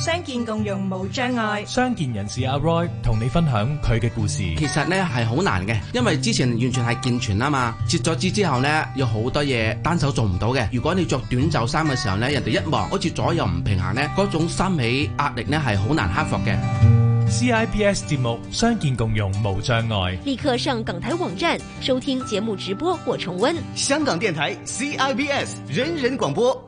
相見共融無障礙。相見人士阿、啊、Roy 同你分享佢嘅故事。其實呢係好難嘅，因為之前完全係健全啊嘛。截咗肢之後呢，有好多嘢單手做唔到嘅。如果你着短袖衫嘅時候呢，人哋一望好似左右唔平衡呢，嗰種心理壓力呢係好難克服嘅。CIBS 節目相見共融無障礙。立刻上港台網站收聽節目直播或重溫。香港電台 CIBS 人人廣播。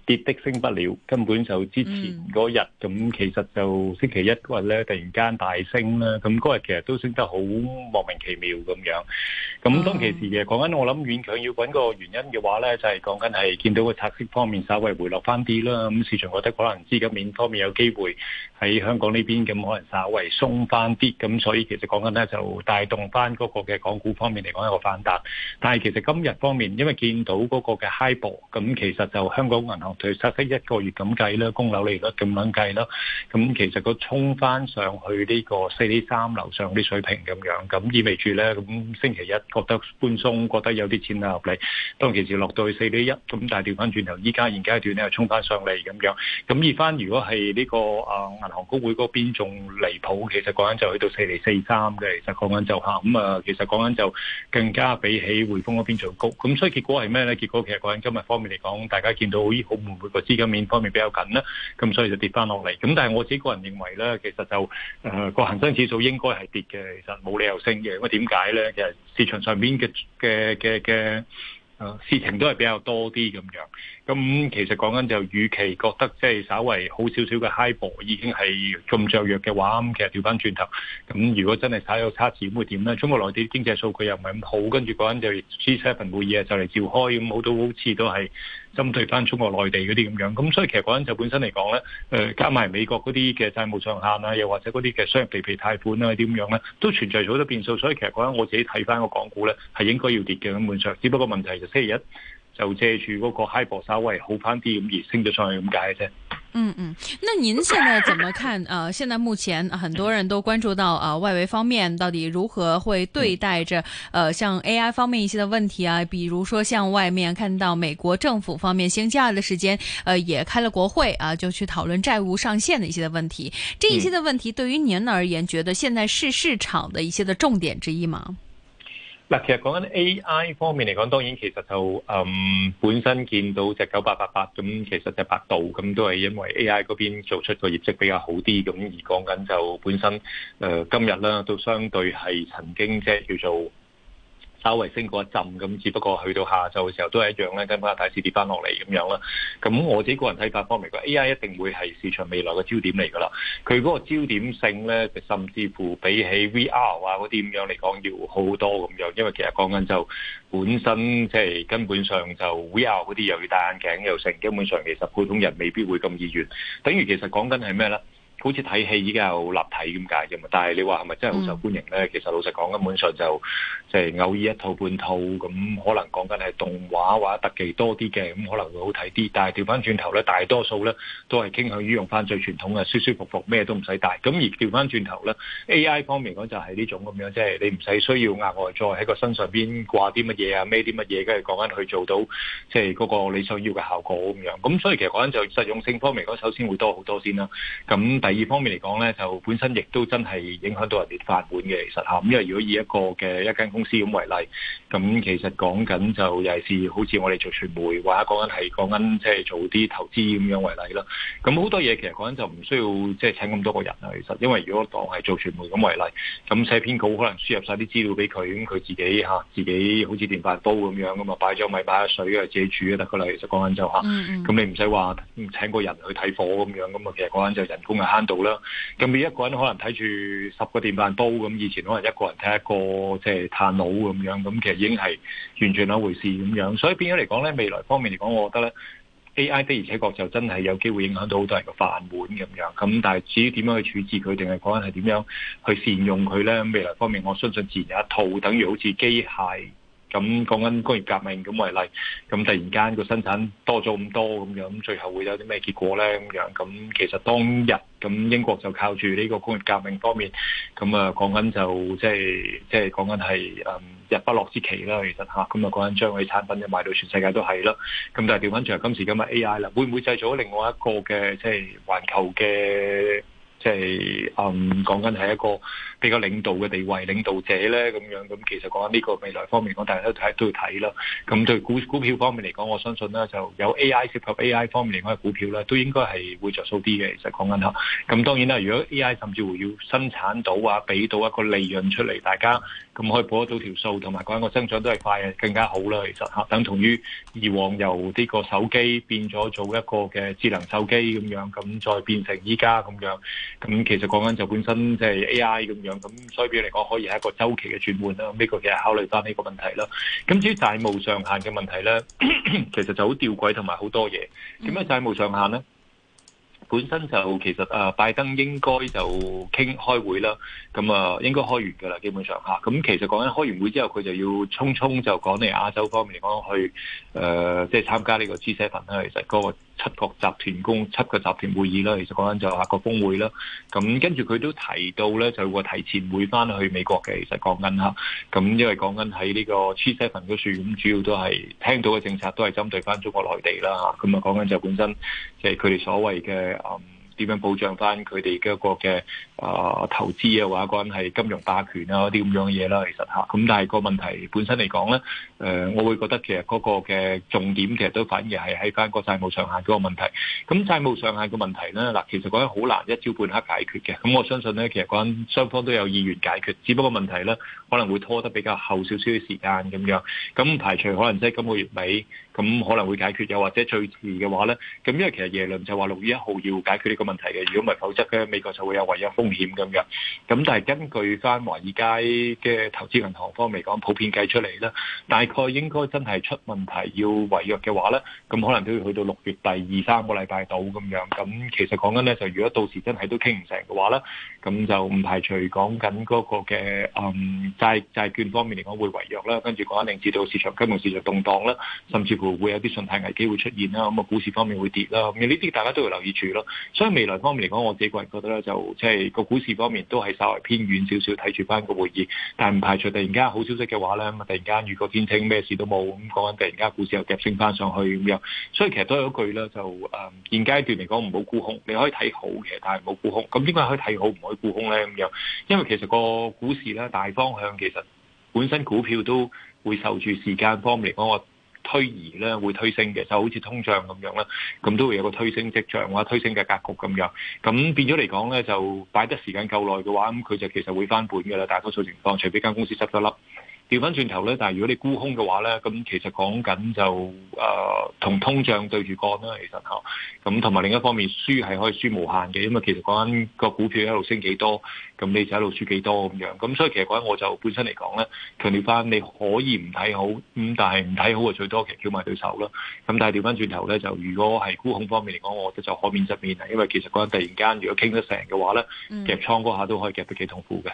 跌的升不了，根本就之前嗰日咁，嗯、其實就星期一嗰日咧，突然間大升啦，咁嗰日其實都升得好莫名其妙咁樣，咁當其時嘅講緊我諗勉強要揾個原因嘅話咧，就係講緊係見到個拆息方面稍微回落翻啲啦。咁市場覺得可能資金面方面有機會喺香港呢邊咁，可能稍微鬆翻啲，咁所以其實講緊咧就帶動翻嗰個嘅港股方面嚟講一個反彈，但係其實今日方面，因為見到嗰個嘅 HIBOR 咁其實就香港銀行。就差息一個月咁計啦，供樓利率咁樣計啦，咁其實個衝翻上去呢個四厘三樓上啲水平咁樣，咁意味住咧，咁星期一覺得寬鬆，覺得有啲錢啊合理，當其時落到去四厘一，咁但係調翻轉頭，依家現階段咧又衝翻上嚟咁樣，咁而翻如果係呢個啊銀行公會嗰邊仲離譜，其實講緊就去到四厘四三嘅，其實人就講緊就嚇，咁啊其實講緊就更加比起匯豐嗰邊仲高，咁所以結果係咩咧？結果其實講緊今日方面嚟講，大家見到好～每個資金面方面比較緊啦，咁所以就跌翻落嚟。咁但係我自己個人認為咧，其實就誒個、呃、恒生指數應該係跌嘅，其實冇理由升嘅。咁點解咧？其實市場上面嘅嘅嘅嘅誒事情都係比較多啲咁樣。咁其實講緊就，與其覺得即係稍微好少少嘅 high 波已經係咁着弱嘅話，咁其實調翻轉頭，咁如果真係稍有差池會點咧？中國內地經濟數據又唔係咁好，跟住嗰陣就 G7 份會議啊就嚟召開，咁好多好似都係針對翻中國內地嗰啲咁樣。咁所以其實嗰陣就本身嚟講咧，誒、呃、加埋美國嗰啲嘅債務上限啊，又或者嗰啲嘅商業地皮貸款啊點樣咧，都存在咗好多變數。所以其實嗰陣我自己睇翻個港股咧，係應該要跌嘅，咁本上，只不過問題就星期一。就借住嗰個 hyper 稍微好翻啲，咁而升咗上去咁解啫。嗯嗯，那您現在怎麼看？啊、 呃，現在目前很多人都關注到啊、呃，外圍方面到底如何會對待着？呃，像 AI 方面一些的問題啊，比如說像外面看到美國政府方面星期二的時間，呃，也開了國會啊、呃，就去討論債務上限的一些的問題。這一些的問題對於您而言，覺得現在是市場的一些的重點之一嗎？嗱，其實講緊 A I 方面嚟講，當然其實就嗯，本身見到隻九八八八咁，其實隻百度咁都係因為 A I 嗰邊做出個業績比較好啲，咁而講緊就本身誒、呃、今日啦，都相對係曾經即係叫做。稍微升過一陣，咁只不過去到下晝嘅時候都係一樣咧，跟翻大市跌翻落嚟咁樣啦。咁我自己個人睇法方面，A.I. 一定會係市場未來嘅焦點嚟㗎啦。佢嗰個焦點性咧，甚至乎比起 V.R. 啊嗰啲咁樣嚟講，要好多咁樣，因為其實講緊就本身即係根本上就 V.R. 嗰啲又要戴眼鏡又成，基本上其實普通人未必會咁意願。等於其實講緊係咩咧？好似睇戲已經有立體咁解啫嘛，但係你話係咪真係好受歡迎咧？嗯、其實老實講根本上就即係、就是、偶爾一套半套咁，可能講緊係動畫或者特技多啲嘅，咁可能會好睇啲。但係調翻轉頭咧，大多數咧都係傾向於用翻最傳統嘅舒舒服服，咩都唔使帶。咁而調翻轉頭咧，A I 方面講就係呢種咁樣，即、就、係、是、你唔使需要額外再喺個身上邊掛啲乜嘢啊，咩啲乜嘢，跟住講緊去做到即係嗰個你想要嘅效果咁樣。咁所以其實講緊就實用性方面講，首先會多好多先啦。咁第二方面嚟講咧，就本身亦都真係影響到人哋發本嘅，其實嚇。咁因為如果以一個嘅一間公司咁為例，咁其實講緊就又係好似我哋做傳媒，或者講緊係講緊即係做啲投資咁樣為例啦。咁好多嘢其實講緊就唔需要即係、就是、請咁多個人啊。其實因為如果當係做傳媒咁為例，咁寫篇稿可能輸入晒啲資料俾佢，咁佢自己嚇自己好似電飯煲咁樣咁嘛，擺咗米擺下水係自己煮得㗎啦。其實講緊就嚇，咁你唔使話請個人去睇火咁樣，咁啊其實講緊就人工度啦，咁你 一個人可能睇住十個電飯煲咁，以前可能一個人睇一個即係炭爐咁樣，咁其實已經係完全另一回事咁樣。所以變咗嚟講咧，未來方面嚟講，我覺得咧 AI 的而且確就真係有機會影響到好多人嘅飯碗咁樣。咁但係至於點樣去處置佢，定係講緊係點樣去善用佢咧？未來方面，我相信自然有一套，等於好似機械。咁講緊工業革命咁為例，咁突然間個生產多咗咁多咁樣，最後會有啲咩結果咧咁樣？咁其實當日咁英國就靠住呢個工業革命方面，咁啊講緊就即係即係講緊係日不落之期啦，其實吓，咁啊講緊將佢產品就賣到全世界都係啦。咁但係調翻轉，今時今日 A I 啦，會唔會製造咗另外一個嘅即係環球嘅？即係、就是、嗯，講緊係一個比較領導嘅地位，領導者咧咁樣，咁其實講緊呢個未來方面講，大家都睇都要睇啦。咁對股股票方面嚟講，我相信啦就有 A I 涉及 A I 方面嚟講嘅股票咧，都應該係會着數啲嘅。其實講緊吓，咁當然啦，如果 A I 甚至乎要生產到啊，俾到一個利潤出嚟，大家。咁可以報得到條數，同埋講緊個增長都係快，更加好啦。其實等同於以往由呢個手機變咗做一個嘅智能手機咁樣，咁再變成依家咁樣。咁其實講緊就本身即係 AI 咁樣，咁所以嚟講可以係一個周期嘅轉換啦。呢個其實考慮翻呢個問題啦。咁至於債務上限嘅問題咧， 其實就好吊詭同埋好多嘢。點解債務上限咧？本身就其實啊，拜登應該就傾開會啦，咁啊應該開完㗎啦，基本上嚇。咁其實講緊開完會之後，佢就要匆匆就趕嚟亞洲方面講去誒，即、呃、係、就是、參加呢個 G7 啦。其實嗰、那個。七國集團公，七個集團會議啦，其實講緊就係亞國峰會啦。咁跟住佢都提到咧，就會提前會翻去美國嘅。其實講緊吓，咁因為講緊喺呢個 G7 份嘅樹，咁主要都係聽到嘅政策都係針對翻中國內地啦嚇。咁啊講緊就，就係本身即係佢哋所謂嘅啊。嗯點樣保障翻佢哋嘅一個嘅啊投資嘅話，或者關係金融霸權啊啲咁樣嘢啦，其實咁但係個問題本身嚟講咧，誒，我會覺得其實嗰個嘅重點其實都反而係喺翻個債務上限嗰個問題。咁債務上限個問題咧，嗱，其實講得好難一朝半刻解決嘅。咁我相信咧，其實關雙方都有意願解決，只不過問題咧可能會拖得比較後少少嘅時間咁樣。咁排除可能即係今個月尾。咁可能會解決，又或者最遲嘅話咧，咁因為其實耶倫就話六月一號要解決呢個問題嘅，如果唔係，否則咧美國就會有違約風險咁樣。咁但係根據翻華爾街嘅投資銀行方面嚟講，普遍計出嚟咧，大概應該真係出問題要違約嘅話咧，咁可能都要去到六月第二三個禮拜度咁樣。咁其實講緊咧，就如果到時真係都傾唔成嘅話咧，咁就唔排除講緊嗰個嘅嗯債債券方面嚟講會違約啦，跟住講緊令至到市場金融市場動盪啦，甚至。會有啲信貸危機會出現啦，咁啊股市方面會跌啦，咁呢啲大家都要留意住咯。所以未來方面嚟講，我自己個人覺得咧，就即係個股市方面都係稍為偏遠少少，睇住翻個會議，但係唔排除突然間好消息嘅話咧，咁啊突然間雨過天晴，咩事都冇，咁講緊突然間股市又夾升翻上去咁樣。所以其實都係一句啦，就誒現階段嚟講唔好沽空，你可以睇好嘅，其實但係唔好沽空。咁點解可以睇好唔可以沽空咧？咁樣，因為其實個股市咧大方向其實本身股票都會受住時間方面嚟講。推移咧會推升嘅，就好似通脹咁樣啦，咁都會有個推升跡象或者推升嘅格局咁樣，咁變咗嚟講咧就擺得時間夠耐嘅話，咁佢就其實會翻本㗎啦。大多數情況，除非間公司執咗笠。調翻轉頭咧，但係如果你沽空嘅話咧，咁其實講緊就誒同、呃、通脹對住幹啦，其實嗬。咁同埋另一方面，輸係可以輸無限嘅，因為其實講緊個股票一路升幾多，咁你就一路輸幾多咁樣。咁所以其實講緊我就本身嚟講咧，強調翻你可以唔睇好，咁但係唔睇好嘅最多其實叫埋對手囉。咁但係調翻轉頭咧，就如果係沽空方面嚟講，我覺得就可免則免啊，因為其實講緊突然間如果傾得成嘅話咧，嗯、夾倉嗰下都可以夾得幾痛苦嘅。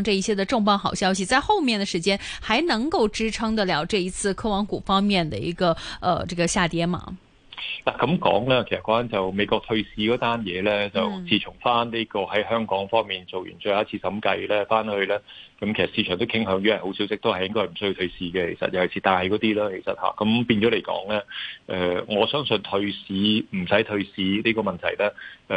這一些的重磅好消息，在後面的時間還能夠支撐得了這一次科網股方面的一個，呃，這個下跌嗎？咁講咧，其實嗰陣就美國退市嗰單嘢咧，就自從翻呢個喺香港方面做完最後一次審計咧，翻去咧，咁其實市場都傾向於係好消息，都係應該唔需要退市嘅。尤其實又係次大嗰啲啦，其實吓，咁變咗嚟講咧，誒、呃，我相信退市唔使退市呢個問題咧，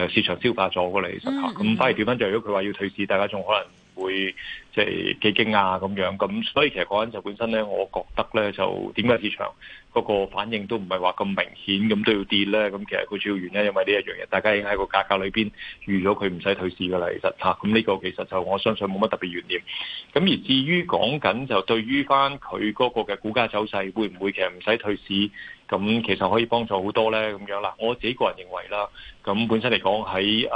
誒，市場消化咗㗎啦，其實吓，咁反而調翻轉，如果佢話要退市，大家仲可能。會即係幾驚訝咁樣咁，所以其實講緊就本身咧，我覺得咧就點解市場嗰個反應都唔係話咁明顯咁都要跌咧？咁其實佢主要原因是因為呢一樣嘢，大家已經喺個價格裏邊預咗佢唔使退市噶啦，其實嚇，咁呢個其實就我相信冇乜特別懸念。咁而至於講緊就對於翻佢嗰個嘅股價走勢，會唔會其實唔使退市？咁其實可以幫助好多咧，咁樣啦。我自己個人認為啦，咁本身嚟講喺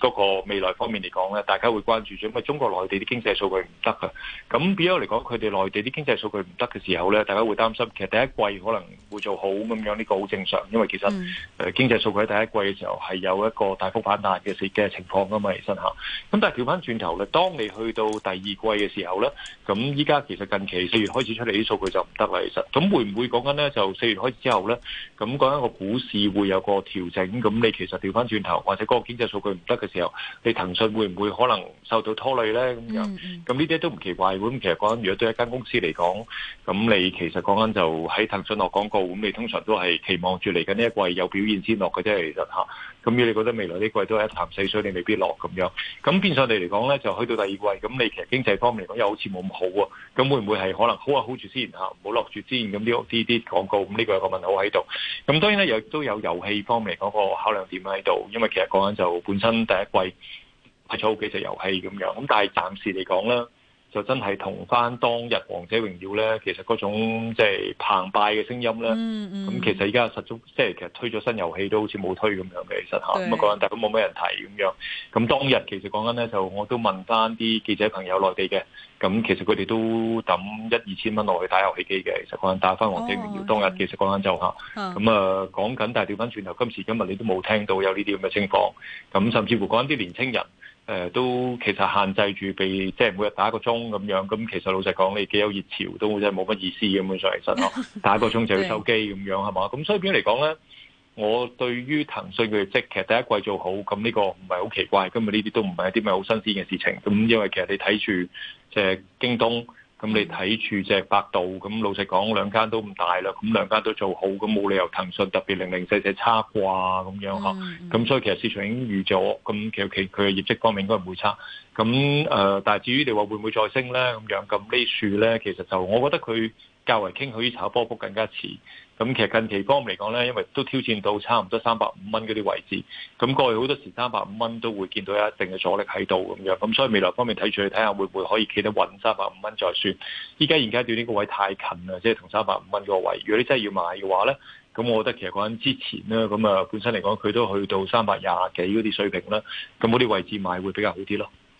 嗰個未來方面嚟講咧，大家會關注，因為中國內地啲經濟數據唔得㗎。咁比如嚟講，佢哋內地啲經濟數據唔得嘅時候咧，大家會擔心。其實第一季可能會做好咁樣，呢個好正常，因為其實誒經濟數據喺第一季嘅時候係有一個大幅反彈嘅嘅情況㗎嘛，其實嚇。咁但係調翻轉頭咧，當你去到第二季嘅時候咧，咁依家其實近期四月開始出嚟啲數據就唔得啦，其實。咁會唔會講緊咧？就四月開始之後呢，咁講緊個股市會有個調整，咁你其實調翻轉頭，或者個經濟數據唔得嘅時候，你騰訊會唔會可能受到拖累呢？咁樣、mm，咁呢啲都唔奇怪。咁其實講緊，如果對一間公司嚟講，咁你其實講緊就喺騰訊落廣告，咁你通常都係期望住嚟緊呢一季有表現先落嘅啫。其實吓。咁如果你覺得未來呢季都係一潭死水，你未必落咁樣。咁變相地嚟講咧，就去到第二季，咁你其實經濟方面嚟講又好似冇咁好喎。咁會唔會係可能好，好啊？好住先嚇，唔好落住先。咁呢呢啲廣告，咁呢個有個問號喺度。咁當然咧，又都有遊戲方面嚟講個考量點喺度，因為其實講緊就本身第一季係做幾隻遊戲咁樣。咁但係暫時嚟講咧。就真係同翻當日《王者榮耀》咧，其實嗰種即係澎湃嘅聲音咧，咁、嗯嗯、其實依家實足即係其實推咗新遊戲都好似冇推咁樣嘅，其實嚇，咁對啊，講緊，但都冇咩人提咁樣。咁當日其實講緊咧，就我都問翻啲記者朋友內地嘅，咁其實佢哋都抌一二千蚊落去打遊戲機嘅，其實講緊打翻《王者榮耀》哦，當日，其實下講緊就嚇，咁，啊，講緊，但係調翻轉頭，今時今日你都冇聽到有呢啲咁嘅情況，咁甚至乎講緊啲年青人。誒都其實限制住，被即係每日打一個鐘咁樣，咁其實老實講，你幾有熱潮都真係冇乜意思，基本上其真打一個鐘就要收機咁樣係嘛，咁 所以點嚟講咧？我對於騰訊佢即係其實第一季做好，咁呢個唔係好奇怪，今日呢啲都唔係一啲咪好新鮮嘅事情，咁因為其實你睇住即係京東。咁、嗯、你睇住隻百度，咁老實講兩間都唔大啦，咁兩間都做好，咁冇理由騰訊特別零零細細差啩咁樣。咁、嗯、所以其實市場已經預咗，咁其實其佢嘅業績方面應該唔會差，咁誒、呃，但係至於你話會唔會再升咧咁樣？咁呢樹咧其實就我覺得佢。較為傾向於炒波幅更加遲，咁其實近期方面嚟講咧，因為都挑戰到差唔多三百五蚊嗰啲位置，咁過去好多時三百五蚊都會見到有一定嘅阻力喺度咁樣，咁所以未來方面睇住去睇下會唔會可以企得穩三百五蚊再算。依家現階段呢個位太近啦，即係同三百五蚊個位，如果你真係要買嘅話咧，咁我覺得其實講緊之前咧，咁啊本身嚟講佢都去到三百廿幾嗰啲水平啦，咁嗰啲位置買會比較好啲咯。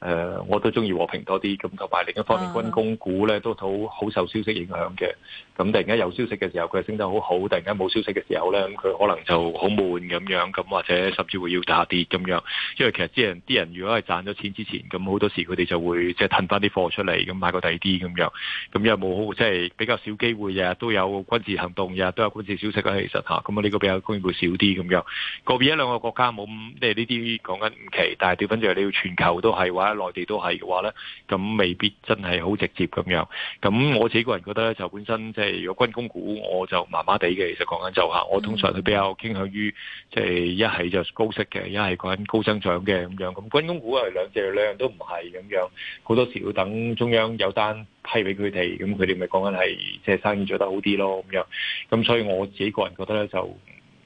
誒、呃，我都中意和平多啲，咁同埋另一方面、啊、軍工股咧都好好受消息影響嘅。咁突然間有消息嘅時候，佢升得好好；突然間冇消息嘅時候咧，咁佢可能就好悶咁樣。咁或者甚至會要打跌咁樣，因為其實啲人啲人如果係賺咗錢之前，咁好多時佢哋就會即係褪翻啲貨出嚟，咁買過第二啲咁樣。咁又冇好，即係比較少機會，日日都有軍事行動，日日都有軍事消息其實嚇，咁啊呢個比較機會少啲咁樣。個別一兩個國家冇，即係呢啲講緊唔奇，但係調翻轉嚟，你要全球都係話。喺內地都係話咧，咁未必真係好直接咁樣。咁我自己個人覺得咧，就本身即係如果軍工股，我就麻麻地嘅，其就講緊就下。我通常都比較傾向於即係一係就是是高息嘅，一係講緊高增長嘅咁樣。咁軍工股係兩隻兩樣都唔係咁樣，好多時要等中央有單批俾佢哋，咁佢哋咪講緊係即係生意做得好啲咯咁樣。咁所以我自己個人覺得咧，就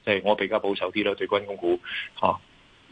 即、是、係我比較保守啲咯，對軍工股嚇。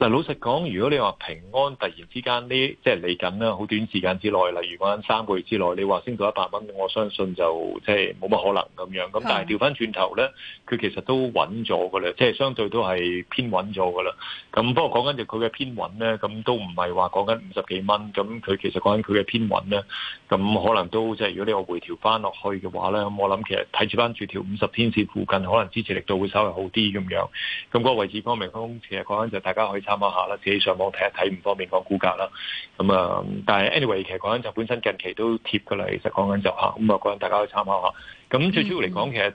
嗱，老實講，如果你話平安突然之間呢，即係嚟緊啦，好短時間之內，例如講緊三個月之內，你話升到一百蚊，我相信就即係冇乜可能咁樣。咁但係調翻轉頭咧，佢其實都穩咗嘅啦，即係相對都係偏穩咗嘅啦。咁不過講緊就佢嘅偏穩咧，咁都唔係話講緊五十幾蚊。咁佢其實講緊佢嘅偏穩咧，咁可能都即係如果你個回調翻落去嘅話咧，咁我諗其實睇住翻住條五十天線附近，可能支持力度會稍為好啲咁樣。咁、那、嗰個位置方面，其實講緊就大家可以。參考下啦，自己上網睇下睇，唔方便講股價啦。咁啊，但係 anyway，其實講緊就本身近期都貼噶啦。其實講緊就嚇，咁啊，講緊大家去參考下。咁最主要嚟講，其實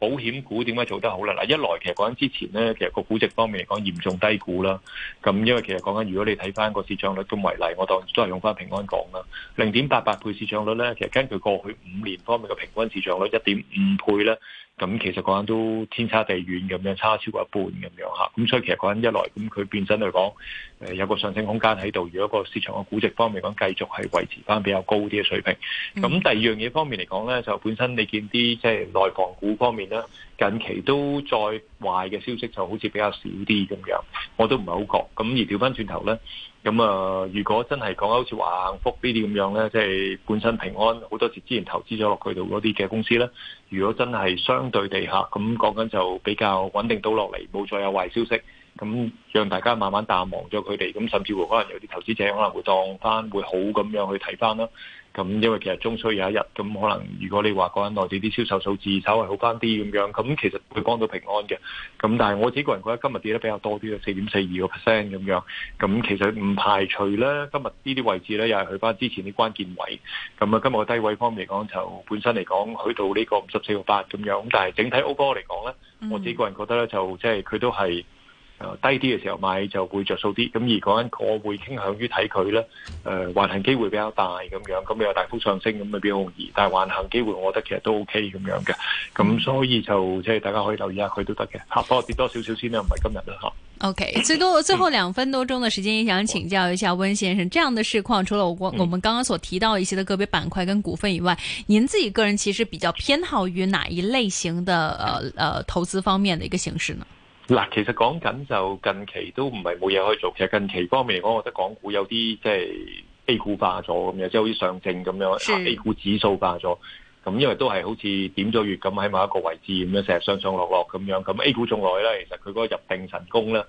保險股點解做得好咧？嗱，一來其實講緊之前咧，其實個估值方面嚟講嚴重低估啦。咁因為其實講緊，如果你睇翻個市賬率咁為例，我當都係用翻平安講啦，零點八八倍市賬率咧，其實根據過去五年方面嘅平均市賬率一點五倍啦。咁其實講緊都天差地遠咁樣，差超過一半咁樣。咁所以其實講緊一來，咁佢變身嚟講，誒有個上升空間喺度。如果個市場嘅估值方面講，繼續係維持翻比較高啲嘅水平。咁第二樣嘢方面嚟講咧，就本身你見啲即係內房股方面咧，近期都再壞嘅消息就好似比較少啲咁樣。我都唔係好覺。咁而調翻轉頭咧。咁啊、呃，如果真係講好似話幸福呢啲咁樣呢，即係本身平安好多時之前投資咗落去度嗰啲嘅公司呢，如果真係相對地下，咁講緊就比較穩定到落嚟，冇再有壞消息，咁讓大家慢慢淡忘咗佢哋，咁甚至乎可能有啲投資者可能會當翻，會好咁樣去睇翻囉。咁因為其實終須有一日，咁可能如果你話講緊內地啲銷售數字稍為好翻啲咁樣，咁其實會幫到平安嘅。咁但係我自己個人覺得今日跌得比較多啲啊，四點四二個 percent 咁樣。咁其實唔排除咧，今日呢啲位置咧又係去翻之前啲關鍵位。咁啊，今日個低位方面嚟講，就本身嚟講去到呢個五十四個八咁樣。咁但係整體歐股嚟講咧，我自己個人覺得咧，就即係佢都係，低啲嘅時候買就會着數啲，咁而講緊我會傾向於睇佢咧，誒、呃，橫行機會比較大咁樣，咁又大幅上升咁咪比較容易。但係橫行機會我覺得其實都 OK 咁樣嘅，咁所以就即係大家可以留意下佢都得嘅，吓，不過跌多少少先啦，唔係今日啦吓。OK，最多最後兩分多鐘的時間，亦想請教一下温先生，嗯、這樣的市況，除了我我我們剛剛所提到一些的個別板塊跟股份以外，嗯、您自己個人其實比較偏好於哪一類型的，呃、投資方面的一個形式呢？嗱，其實講緊就近期都唔係冇嘢可以做，其實近期方面嚟講，我覺得港股有啲即係 A 股化咗咁樣，即係好似上證咁樣，A 股指數化咗，咁因為都係好似點咗月咁喺某一個位置咁樣，成日上上落落咁樣，咁 A 股仲耐呢，其實佢嗰個入定神功啦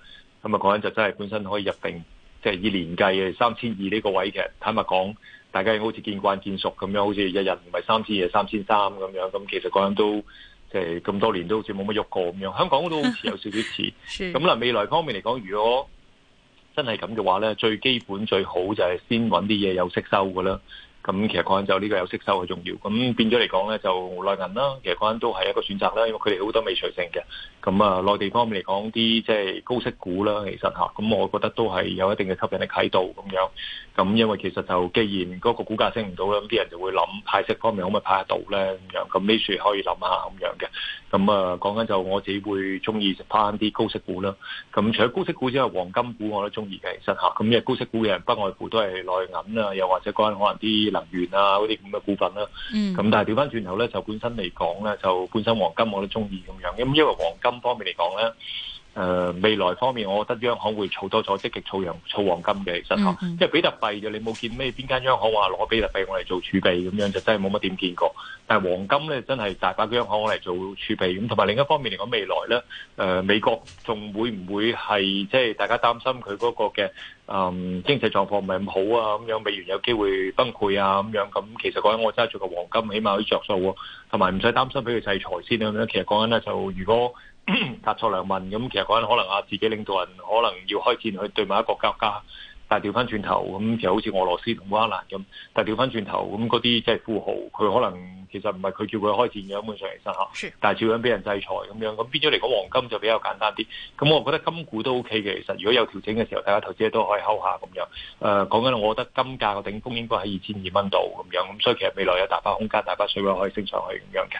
咁啊，講緊就真係本身可以入定，即係以年計嘅三千二呢個位，其實坦白講，大家好似見慣見熟咁樣，好似一日唔係三千二、三千三咁樣，咁其實講緊都。誒咁多年都好似冇乜喐過咁樣，香港都好似有少少遲。咁嗱 是，未來方面嚟講，如果真係咁嘅話咧，最基本最好就係先揾啲嘢有息收㗎啦。咁其實講緊就呢個有息收好重要，咁變咗嚟講咧就內銀啦，其實講緊都係一個選擇啦，因為佢哋好多未除淨嘅。咁啊內地方面嚟講啲即係高息股啦，其實嚇，咁我覺得都係有一定嘅吸引力喺度咁樣。咁因為其實就既然嗰個股價升唔到啦，咁啲人就會諗派息方面可唔可以派得到咧咁樣，咁呢處可以諗下咁樣嘅。咁啊講緊就我自己會中意食翻啲高息股啦。咁除咗高息股之外，黃金股我都中意嘅，其實嚇。咁因為高息股嘅人不外乎都係內銀啊，又或者講緊可能啲。能源啊嗰啲咁嘅股份啦，咁、啊嗯、但係調翻轉頭咧，就本身嚟講咧，就本身黃金我都中意咁樣，咁因為黃金方面嚟講咧。誒、呃、未來方面，我覺得央行會儲多咗，積極儲陽儲黃金嘅，其實，因為、mm hmm. 啊即係、比特幣嘅你冇見咩邊間央行話攞比特幣用嚟做儲備咁樣，就真係冇乜點見過。但係黃金咧，真係大把央行攞嚟做儲備。咁同埋另一方面嚟講，未來咧，誒、呃、美國仲會唔會係即係大家擔心佢嗰個嘅誒、嗯、經濟狀況唔係咁好啊？咁樣美元有機會崩潰啊？咁樣咁其實講緊我揸住個黃金，起碼可以著數喎，同埋唔使擔心畀佢制裁先咁樣。其實講緊咧，就如果。答錯兩問咁， 其實嗰陣可能啊自己領導人可能要開戰去對埋一個國家，但係調翻轉頭咁，其實好似俄羅斯同烏克蘭咁，但係調翻轉頭咁嗰啲即係富豪，佢可能其實唔係佢叫佢開戰嘅，根本上嚟講嚇，但係照樣俾人制裁咁樣，咁變咗嚟講黃金就比較簡單啲。咁我覺得金股都 OK 嘅，其實如果有調整嘅時候，大家投資都可以 hold 下咁樣。誒、呃，講緊我覺得金價個頂峰應該喺二千二蚊度咁樣，咁所以其實未來有大把空間、大把水位可以升上去咁樣嘅。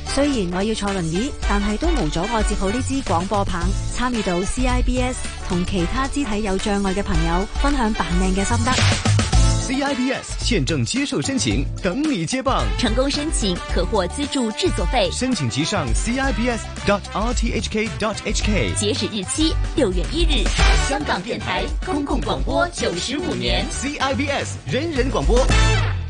雖然我要坐輪椅，但係都無阻我接好呢支廣播棒，參與到 CIBS 同其他肢體有障礙嘅朋友分享扮靚嘅心得。CIBS 現正接受申請，等你接棒。成功申請可獲資助製作費。申請即上 CIBS.RTHK.HK。I B T H K，截止日期六月一日。香港電台公共廣播九十五年。CIBS 人人廣播。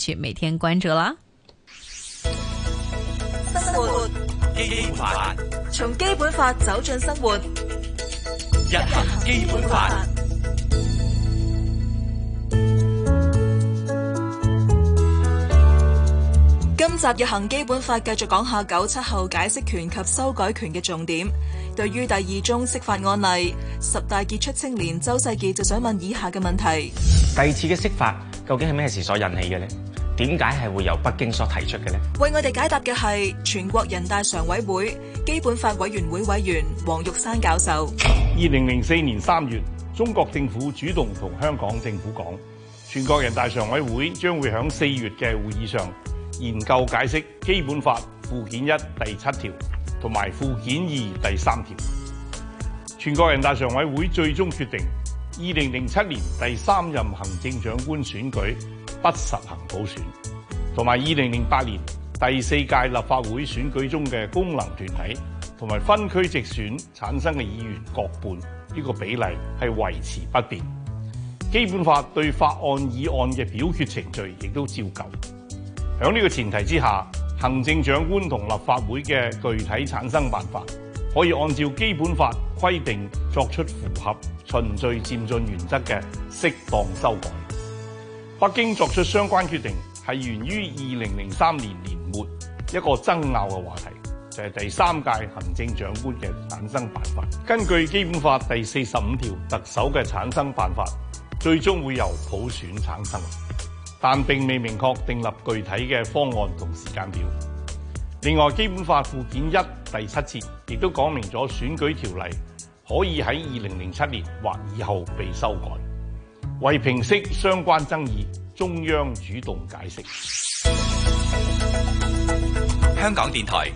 全每天關注啦，生活基本法，從基本法走進生活，日行基本法。今集日行基本法繼續講下九七後解釋權及修改權嘅重點。對於第二宗釋法案例，十大傑出青年周世傑就想問以下嘅問題：第二次嘅釋法究竟係咩事所引起嘅呢？點解係會由北京所提出嘅呢？為我哋解答嘅係全國人大常委會基本法委員會委員黃玉山教授。二零零四年三月，中國政府主動同香港政府講，全國人大常委會將會響四月嘅會議上研究解釋基本法附件一第七條同埋附件二第三條。全國人大常委會最終決定，二零零七年第三任行政長官選舉，不實行普選，同埋二零零八年第四屆立法會選舉中嘅功能團體同埋分區直選產生嘅議員各半，呢個比例係維持不變。基本法對法案議案嘅表決程序亦都照舊。喺呢個前提之下，行政長官同立法會嘅具體產生辦法可以按照基本法規定作出符合循序漸進原則嘅適當修改。北京作出相關決定係源於2003年年末一個爭拗嘅話題，就係第三屆行政長官嘅產生辦法。根據《基本法》第四十五條，特首嘅產生辦法最終會由普選產生，但並未明確訂立具體嘅方案同時間表。另外，《基本法》附件一第七節亦都講明咗選舉條例可以喺2007年或以後被修改。為平息相關爭議，中央主動解釋。香港電台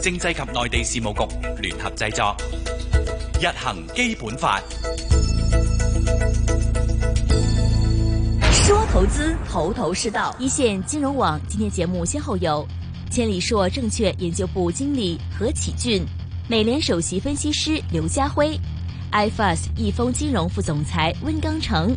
政制及內地事務局聯合製作《日行基本法》，說投資頭頭是道。一線金融網今天節目先後有千里碩證券研究部經理何啟俊、美聯首席分析師劉家輝、iFAS 易豐金融副總裁温剛成。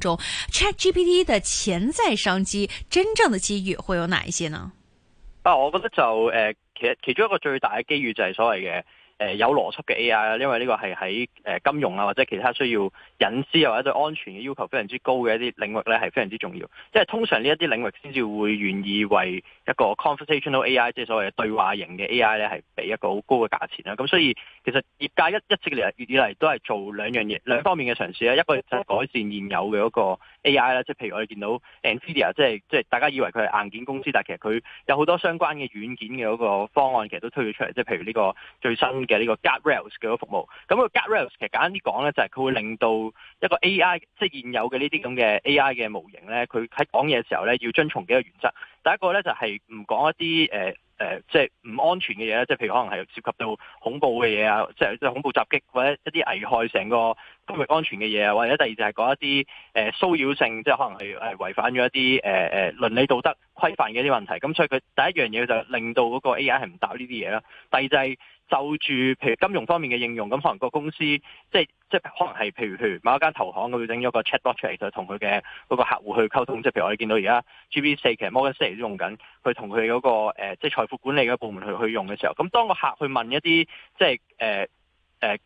中 ChatGPT 的潛在商機，真正的機遇會有哪一些呢？啊，我覺得就誒、呃，其實其中一個最大嘅機遇就係所謂嘅。誒、呃、有邏輯嘅 AI，因為呢個係喺誒金融啊，或者其他需要隱私或者對安全嘅要求非常之高嘅一啲領域呢係非常之重要。即、就、係、是、通常呢一啲領域先至會願意為一個 conversational AI，即係所謂嘅對話型嘅 AI 呢係俾一個好高嘅價錢啦。咁所以其實業界一一直嚟以嚟都係做兩樣嘢，兩方面嘅嘗試啦，一個就係改善現有嘅嗰、那個。A.I. 啦，即係譬如我哋見到 Nvidia，即係即係大家以為佢係硬件公司，但係其實佢有好多相關嘅軟件嘅嗰個方案，其實都推咗出嚟。即係譬如呢個最新嘅呢個 Guardrails 嘅服務，咁個 Guardrails 其實簡單啲講呢，就係佢會令到一個 A.I. 即係現有嘅呢啲咁嘅 A.I. 嘅模型呢，佢喺講嘢時候呢，要遵從幾個原則。第一個呢，就係唔講一啲誒。誒、呃，即係唔安全嘅嘢咧，即係譬如可能係涉及到恐怖嘅嘢啊，即係即係恐怖襲擊或者一啲危害成個區域安全嘅嘢啊，或者第二就係講一啲誒、呃、騷擾性，即係可能係誒違反咗一啲誒誒倫理道德規範嘅一啲問題。咁所以佢第一樣嘢就令到嗰個 AI 係唔答呢啲嘢啦，第二就係、是。就住譬如金融方面嘅應用，咁可能個公司即係即係可能係譬如去某一間投行，佢會整咗個 chatbot 出嚟，就同佢嘅嗰個客戶去溝通。即係譬如我哋見到而家 G B 四其實摩根士丹利都用緊，佢同佢嗰個、呃、即係財富管理嘅部門去去用嘅時候，咁當嗰個客去問一啲即係誒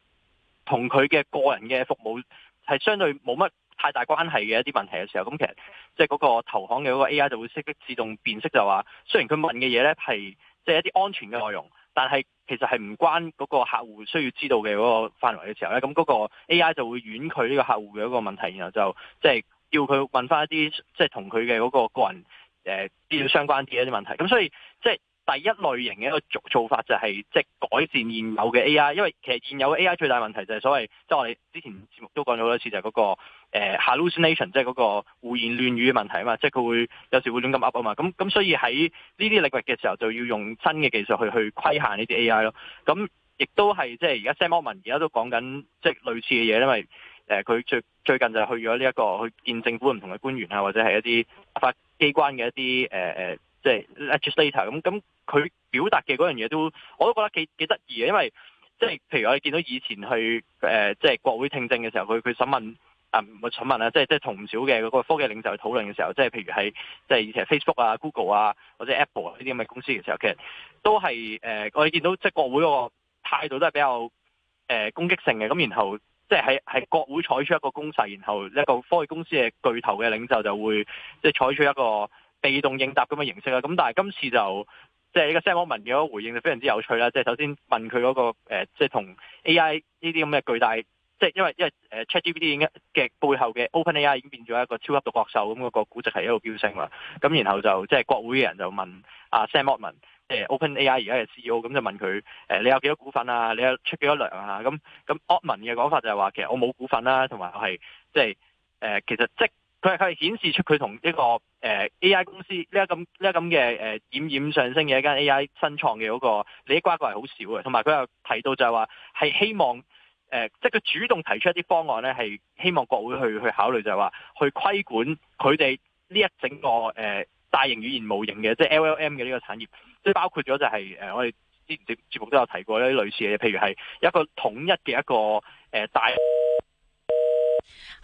同佢嘅個人嘅服務係相對冇乜太大關係嘅一啲問題嘅時候，咁其實即係嗰個投行嘅嗰個 AI 就會識得自動辨識就話，雖然佢問嘅嘢咧係即係一啲安全嘅內容。但係其實係唔關嗰個客戶需要知道嘅嗰個範圍嘅時候咧，咁、那、嗰個 AI 就會遠佢呢個客戶嘅一個問題，然後就即係叫佢問翻一啲即係同佢嘅嗰個個人誒啲、呃、相關啲一啲問題，咁所以即係。就是第一類型嘅一個做做法就係即係改善現有嘅 A.I.，因為其實現有嘅 A.I. 最大問題就係所謂即係、就係、我哋之前節目都講咗好多次就係、係、嗰、嗰個、uh, hallucination，即係嗰個胡言亂語嘅問題啊嘛，即係佢會有時會亂咁噏啊嘛，咁咁所以喺呢啲領域嘅時候就要用新嘅技術去去規限呢啲 A.I. 咯。咁亦都係即係而家 Sam Altman 而家都講緊即係類似嘅嘢，因為誒佢最最近就去咗呢一個去見政府唔同嘅官員啊，或者係一啲法機關嘅一啲誒誒。呃即係 legislator 咁咁，佢表達嘅嗰樣嘢都我都覺得幾幾得意嘅，因為即係、就是、譬如我哋見到以前去即係、呃就是、國會聽證嘅時候，佢佢審問啊唔係審問啦，即係即係同唔少嘅嗰個科技領袖去討論嘅時候，即、就、係、是、譬如係即係以前 Facebook 啊、Google 啊或者 Apple 呢啲咁嘅公司嘅時候，其實都係誒、呃、我哋見到即係國會嗰個態度都係比較攻擊性嘅，咁然後即係喺喺國會採取一個攻勢，然後一個科技公司嘅巨頭嘅領袖就會即係、就是、採取一個。被動應答咁嘅形式啦，咁但係今次就即係呢個 Sam Altman 嘅回應就非常之有趣啦，即係首先問佢嗰個誒，即係同 AI 呢啲咁嘅巨大，即係因為因為誒 ChatGPT 嘅背後嘅 OpenAI 已經變咗一個超級獨角獸咁，嗰個估值係一路飆升啦，咁然後就即係國會嘅人就問阿 Sam Altman，即係 OpenAI 而家嘅 CEO，咁就問佢誒你有幾多股份啊？你有出幾多糧啊？咁咁 Altman 嘅講法就係話其實我冇股份啦，同埋我係即係誒其實即。佢係佢係顯示出佢同呢個誒 AI 公司呢一咁呢一咁嘅誒冉冉上升嘅一間 AI 新創嘅嗰個利益瓜葛係好少嘅，同埋佢又提到就係話係希望誒，即係佢主動提出一啲方案咧，係希望國會去去考慮，就係話去規管佢哋呢一整個誒大型語言模型嘅，即係 LLM 嘅呢個產業，即係包括咗就係誒我哋之前節目都有提過呢啲類似嘅嘢，譬如係一個統一嘅一個誒大。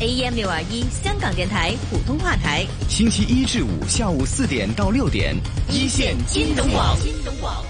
AM 六二一香港電台普通話台，星期一至五下午四點到六點，一線金融網，金融網，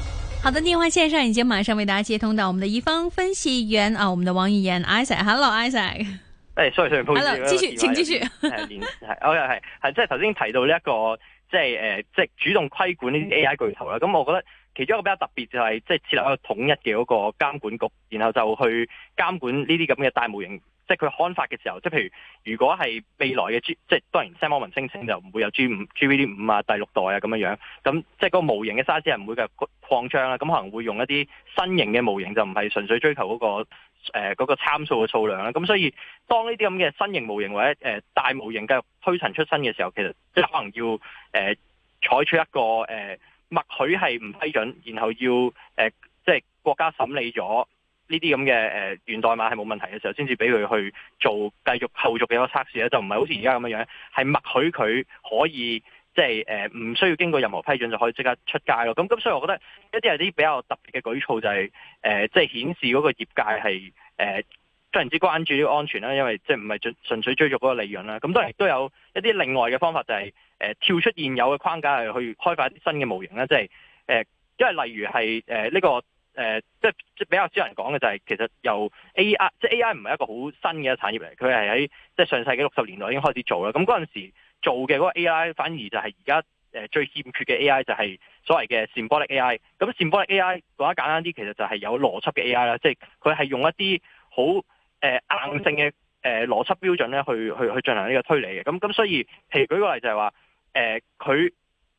好的，電話線上已經馬上為大家接通到我們的乙方分析員啊、哦，我們的王逸研，Isaac，Hello Isaac，a 哎，sorry，sorry，Hello，繼續，請繼續，連，OK，係系，即係頭先提到呢、這、一個，即係誒、呃，即係主動規管呢啲 AI 巨頭啦，咁 我覺得其中一個比較特別就係、是，即係設立一個統一嘅嗰個監管局，然後就去監管呢啲咁嘅大模型。即係佢刊發嘅時候，即係譬如如果係未來嘅 G，即係當然 Sam Altman 聲稱就唔會有 G 五、GVD 五啊、第六代啊咁樣樣。咁即係嗰個模型嘅 size 係唔會嘅擴張啦。咁可能會用一啲新型嘅模型，就唔係純粹追求嗰、那個誒嗰、呃那個參數嘅數量啦。咁所以當呢啲咁嘅新型模型或者誒大模型嘅推陳出新嘅時候，其實即可能要誒、呃、採取一個誒、呃、默許係唔批准，然後要誒、呃、即係國家審理咗。呢啲咁嘅誒源代碼係冇問題嘅時候，先至俾佢去做繼續後續嘅一個測試呢，就唔係好似而家咁樣樣，係默許佢可以即係誒唔需要經過任何批准就可以即刻出街咯。咁咁，所以我覺得一啲有啲比較特別嘅舉措，就係呃，就係誒即係顯示嗰個業界係誒非常之關注呢個安全啦，因為即係唔係純粹追逐嗰個利潤啦。咁當然都有一啲另外嘅方法，就係，就、呃、係跳出現有嘅框架去開發啲新嘅模型啦，即係誒，因、呃、例如係呢、呃呢個。誒，即係、呃就是、比較少人講嘅就係其實由 A.I. 即係 A.I. 唔係一個好新嘅產業嚟，佢係喺即係上世紀六十年代已經開始做啦。咁嗰陣時做嘅嗰個 A.I. 反而就係而家誒最欠缺嘅 A.I. 就係所謂嘅 symbolic A.I. 咁 symbolic A.I. 講得簡單啲，其實就係有邏輯嘅 A.I. 啦，即係佢係用一啲好誒硬性嘅誒、呃、邏輯標準咧去去去進行呢個推理嘅。咁咁所以譬如舉個例就係話誒佢。呃它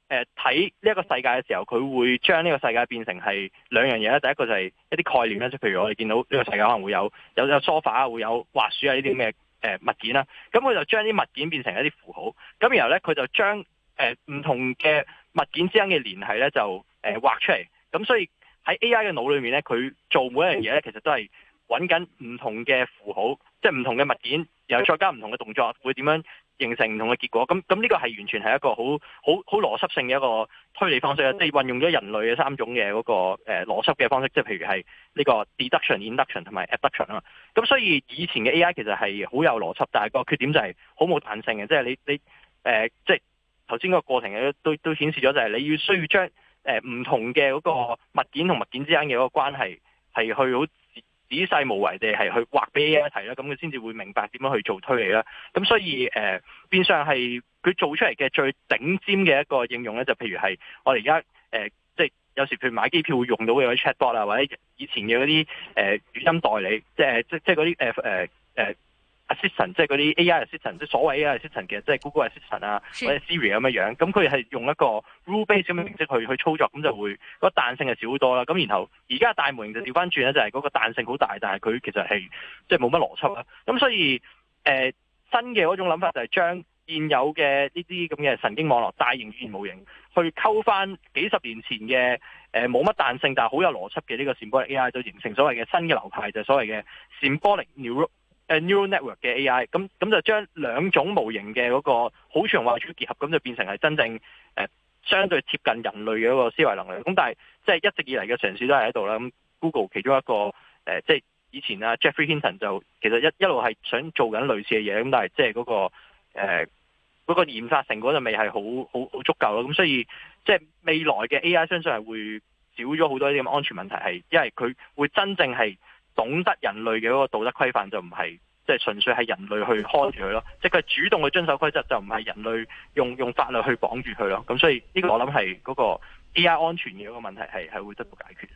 誒，睇呢一個世界嘅時候，佢會將呢個世界變成係兩樣嘢。第一個就係一啲概念啦，即譬如我哋見到呢個世界可能會有有有梳化啊，會有滑鼠啊呢啲嘅、誒物件啦。咁、嗯、佢就將啲物件變成一啲符號，咁、嗯、然後咧佢就將誒唔同嘅物件之間嘅聯繫咧就誒畫、呃、出嚟。咁、嗯、所以喺 A.I. 嘅腦裏面咧，佢做每一樣嘢咧，其實都係揾緊唔同嘅符號，即係唔同嘅物件，然後再加唔同嘅動作會點樣？形成唔同嘅結果，咁咁呢個係完全係一個好好好邏輯性嘅一個推理方式啊！即係運用咗人類嘅三種嘅嗰個誒邏輯嘅方式，即係譬如係呢個 deduction、induction 同埋 abduction 啊嘛。咁所以以前嘅 AI 其實係好有邏輯，但係個缺點就係好冇彈性嘅，即係你你誒即係頭先個過程嘅都都顯示咗就係你要需要將誒唔同嘅嗰個物件同物件之間嘅嗰個關係係去好仔細無遺地係去畫俾 AI 一題啦，咁佢先至會明白點樣去做推理啦。咁所以誒、呃，變相係佢做出嚟嘅最頂尖嘅一個應用咧，就譬如係我哋而家誒，即係有時譬如買機票會用到嘅 chatbot 啊，或者以前嘅嗰啲誒語音代理，即係即即嗰啲誒誒誒。呃呃呃阿 sizeon 即係啲 ai 嘅 sizeon 即係所謂 ai 嘅 sizeon 嘅即係 google 係 sizeon 啊或者 siri 咁嘅樣。咁佢係用一個 rule base 咁嘅形式去操作，咁就會，那個彈性就少好多啦，咁然後而家大模型就調翻轉咧，就係、是、個彈性好大但係佢其實係即係冇乜邏輯啦，咁所以誒、呃、新嘅種諗法就係將現有嘅呢啲咁嘅神經網絡大型語言模型去溝翻幾十年前嘅誒冇乜彈性但係好有邏輯嘅呢個閃玻璃 ai，就形成所謂嘅新嘅流派，就係、是、所謂嘅閃玻璃鳥誒 neural network 嘅 AI，咁咁就將兩種模型嘅嗰個好長話語結合，咁就變成係真正誒、呃、相對貼近人類嘅一個思維能力。咁但係即係一直以嚟嘅嘗試都係喺度啦。咁 Google 其中一個誒、呃，即係以前啊 Jeffrey Hinton 就其實一一路係想做緊類似嘅嘢，咁但係即係、那、嗰個誒、呃那個、研發成果就未係好好好足夠咯。咁所以即係未來嘅 AI 相信係會少咗好多啲咁安全問題，係因為佢會真正係。懂得人類嘅嗰個道德規範就唔係，即係純粹係人類去看住佢咯，即係佢主動去遵守規則，就唔係人類用用法律去綁住佢咯。咁所以呢個我諗係嗰個 AI 安全嘅一個問題係係會得到解決的。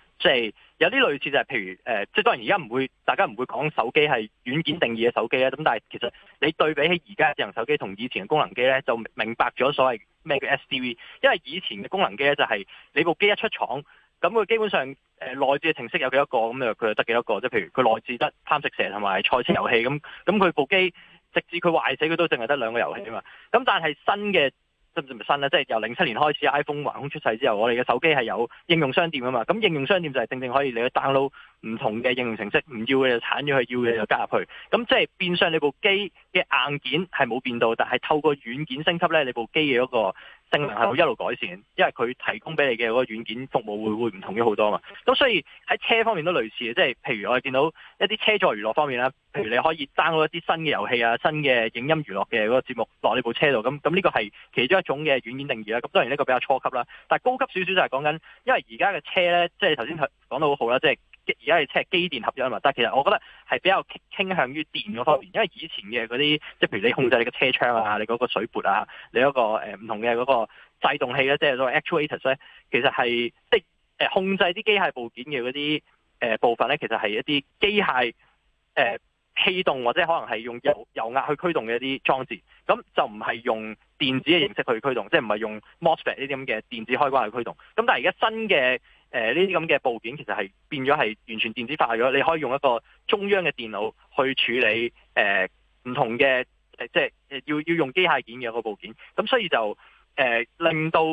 即係有啲類似就係譬如誒、呃，即係當然而家唔會，大家唔會講手機係軟件定義嘅手機。咁但係其實你對比起而家智能手機同以前嘅功能機咧，就明白咗所謂咩叫 SDV。因為以前嘅功能機咧，就係你部機一出廠，咁佢基本上誒、呃、內置嘅程式有幾多個，咁就佢就得幾多個。即譬如佢內置得貪食蛇同埋賽車遊戲咁，咁佢部機直至佢壞死，佢都淨係得兩個遊戲啊嘛。咁但係新嘅。即係咪新咧？即係由零七年開始 iPhone 橫空出世之後，我哋嘅手機係有應用商店㗎嘛？咁應用商店就係正正可以你去 download 唔同嘅應用程式，唔要嘅就鏟咗佢，要嘅就加入去。咁即係變相你部機嘅硬件係冇變到，但係透過軟件升級咧，你部機嘅嗰個。性能係會一路改善，因為佢提供俾你嘅嗰個軟件服務會會唔同咗好多嘛。咁所以喺車方面都類似，即係譬如我哋見到一啲車載娛樂方面啦，譬如你可以 download 一啲新嘅遊戲啊、新嘅影音娛樂嘅嗰個節目落你部車度。咁咁呢個係其中一種嘅軟件定義啦。咁當然呢個比較初級啦，但係高級少少就係講緊，因為而家嘅車咧，即係頭先講到好啦，即係。而家係即係機電合用啊嘛，但係其實我覺得係比較傾向於電嗰方面，因為以前嘅嗰啲，即係譬如你控制你嘅車窗啊，你嗰個水撥啊，你嗰、嗰個唔、呃、同嘅嗰個制動器咧，即係所謂 actuators 咧、啊，其實係即係誒控制啲機械部件嘅嗰啲誒部分咧，其實係一啲機械誒、呃、氣動或者可能係用油油壓去驅動嘅一啲裝置，咁就唔係用電子嘅形式去驅動，即係唔係用 mosfet 呢啲咁嘅電子開關去驅動，咁但係而家新嘅。誒呢啲咁嘅部件其實係變咗係完全電子化咗，你可以用一個中央嘅電腦去處理誒唔同嘅、誒即係要要用機械件嘅一個部件。咁所以就誒令到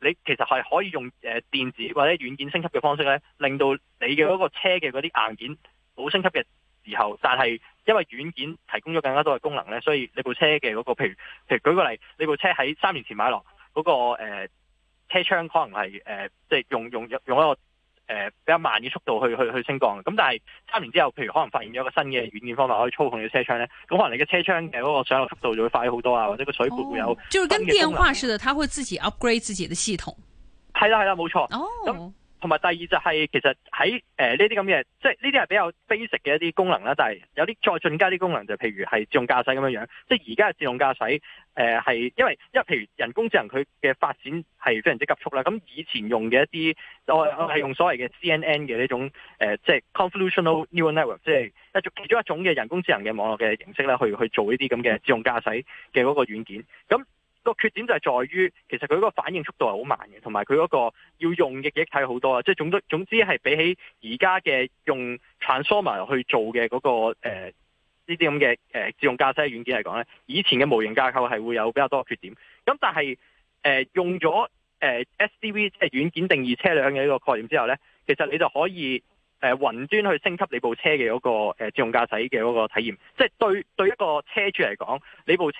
你其實係可以用誒電子或者軟件升級嘅方式呢，令到你嘅嗰個車嘅嗰啲硬件冇升級嘅時候，但係因為軟件提供咗更加多嘅功能呢，所以你部車嘅嗰個譬如譬如，舉個例，你部車喺三年前買落嗰個誒車窗可能係誒、呃，即係用用用一個誒、呃、比較慢嘅速度去去去升降。咁但係三年之後，譬如可能發現咗一個新嘅軟件方法可以操控你嘅車窗咧，咁可能你嘅車窗嘅嗰個上落速度就會快好多啊，或者個水位會有、哦。就是跟電話似的，它會自己 upgrade 自己的系統。係啦係啦，冇錯。錯哦。同埋第二就係其實喺誒呢啲咁嘅，即係呢啲係比較 basic 嘅一啲功能啦，但係有啲再進加啲功能就譬如係自動駕駛咁樣樣，即係而家嘅自動駕駛誒係、呃、因為因為譬如人工智能佢嘅發展係非常之急速啦，咁以前用嘅一啲我係用所謂嘅 CNN 嘅呢種誒、呃、即係 convolutional neural network，即係一種其中一種嘅人工智能嘅網絡嘅形式啦，去去做呢啲咁嘅自動駕駛嘅嗰個軟件咁。個缺點就係在於，其實佢嗰個反應速度係好慢嘅，同埋佢嗰個要用嘅記憶體好多啊！即係總總之係比起而家嘅用 Transformer 去做嘅嗰、那個呢啲咁嘅誒自動駕駛嘅軟件嚟講咧，以前嘅模型架構係會有比較多嘅缺點。咁但係誒、呃、用咗誒、呃、SDV 即係軟件定義車輛嘅呢個概念之後咧，其實你就可以誒雲、呃、端去升級你部車嘅嗰、那個、呃、自動駕駛嘅嗰個體驗。即、就、係、是、對對一個車主嚟講，你部車。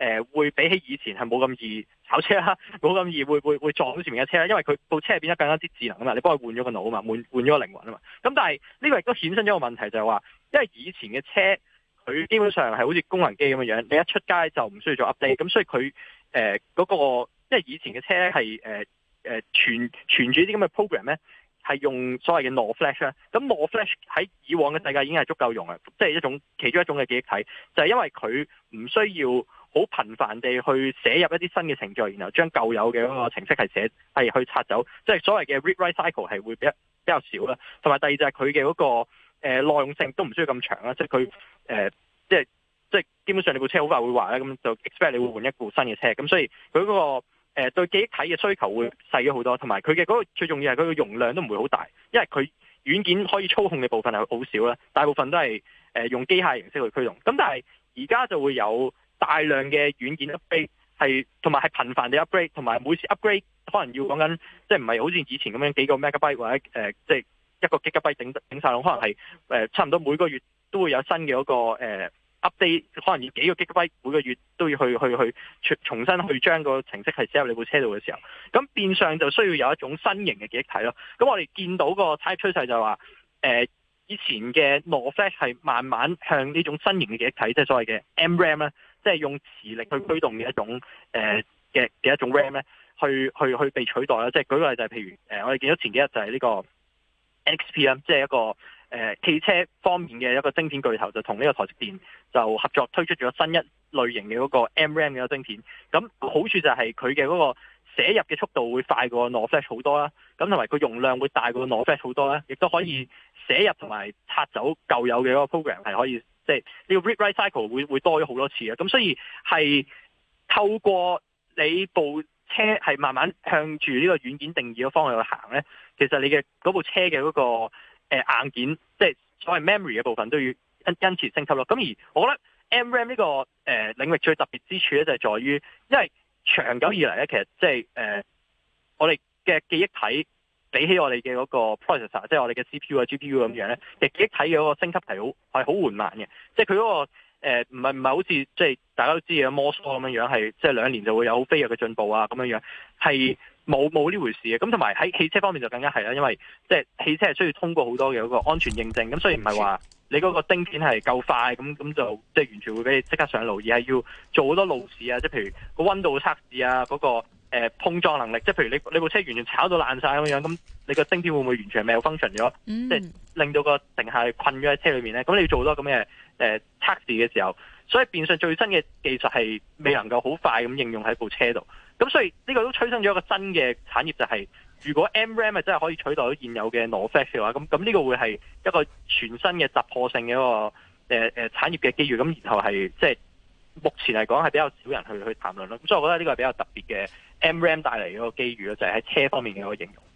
誒會比起以前係冇咁易炒車啦，冇咁易會，會，會撞到前面嘅車啦。因為佢部車變得更加啲智能啊嘛，你幫佢換咗個腦啊嘛，換咗個靈魂啊嘛。咁但係呢個亦都衍生咗個問題，就係話，因為以前嘅車佢基本上係好似功能機咁樣樣，你一出街就唔需要做 update。咁所以佢誒嗰個，因為以前嘅車咧係誒誒存存住啲咁嘅 program 咧，係用所謂嘅 Nor flash 啦。咁 Nor flash 喺以往嘅世界已經係足夠用嘅，即係一種其中一種嘅記憶體，就係因為佢唔需要。好頻繁地去寫入一啲新嘅程序，然後將舊有嘅嗰個程式係寫係去拆走，即係所謂嘅 read-write cycle 係會比較,比較少啦。同埋第二就係佢嘅嗰個、呃、耐用性都唔需要咁長啦，即係佢誒即係即係基本上你部車好快會壞啦咁就 expect 你會換一部新嘅車咁，所以佢嗰、嗰個誒、呃、對記憶體嘅需求會細咗好多，同埋佢嘅嗰個最重要係佢嘅容量都唔會好大，因為佢軟件可以操控嘅部分係好少啦，大部分都係、呃、用機械形式去驅動。咁但係而家就會有。大量嘅軟件 update 係同埋係頻繁嘅 upgrade，同埋每次 upgrade 可能要講緊即係唔係好似以前咁樣幾個 megabyte 或者、呃、即係一個 gigabyte 頂頂曬咯。可能係、呃、差唔多每個月都會有新嘅嗰、那個、呃、update，可能要幾個 gigabyte 每個月都要去去去，去重新去將個程式係寫入你部車度嘅時候，咁變相就需要有一種新型嘅記憶體咯。咁我哋見到個 type 趨勢就係話誒、呃、以前嘅 NOR flash 係慢慢向呢種新型嘅記憶體，即係所謂嘅 MRAM 啦。即係用磁力去驅動嘅一種誒嘅嘅一種 RAM 咧，去去去被取代啦。即係舉個例就係譬如誒、呃，我哋見到前幾日就係呢個 NXP 即係一個誒、呃、汽車方面嘅一個晶片巨頭，就同呢個台積電就合作推出咗新一類型嘅嗰個 MRAM 嘅晶片。咁好處就係佢嘅嗰個寫入嘅速度會快過 Nor Flash 好多啦，咁同埋佢容量會大過 Nor Flash 好多啦，亦都可以寫入同埋拆走舊有嘅嗰個 program 係可以。即係呢個 read write cycle 會會多咗好多次啊，咁所以係透過你部車係慢慢向住呢個軟件定義嘅方向去行咧，其實你嘅嗰部車嘅嗰、那個誒、呃、硬件，即、就、係、是、所謂 memory 嘅部分都要因因此升級咯。咁而我覺得 M RAM 呢、這個誒、呃、領域最特別之處咧就係在於，因為長久以嚟咧其實即係誒我哋嘅記憶體。比起我哋嘅嗰個 processor，即係我哋嘅 CPU 啊、GPU 咁樣咧，亦都睇到個升級係好係好緩慢嘅。即係佢嗰個誒，唔係唔係好似即係大家都知嘅摩梭咁樣樣係即係兩年就會有飛躍嘅進步啊咁樣樣，係冇冇呢回事嘅。咁同埋喺汽車方面就更加係啦，因為即係汽車係需要通過好多嘅嗰個安全認證。咁雖然唔係話你嗰個晶片係夠快，咁咁就即係完全會俾你即刻上路，而係要做好多路試啊，即係譬如個温度測試啊，嗰個。誒、呃、碰撞能力，即係譬如你你部車完全炒到爛晒咁樣，咁你個晶片會唔會完全係未有 function 咗？嗯、即係令到個乘客困咗喺車裏面咧，咁你要做多咁嘅誒測試嘅時候，所以變相最新嘅技術係未能夠好快咁應用喺部車度。咁、嗯、所以呢個都催生咗一個新嘅產業，就係、是、如果 M RAM 係真係可以取代到現有嘅 NOR Flash 嘅話，咁咁呢個會係一個全新嘅突破性嘅一個誒誒、呃呃、產業嘅機遇。咁然後係即係。目前嚟講係比較少人去去談論咯，咁所以我覺得呢個係比較特別嘅 MRAM 帶嚟嘅一個機遇咯，就係、是、喺車方面嘅一個應用。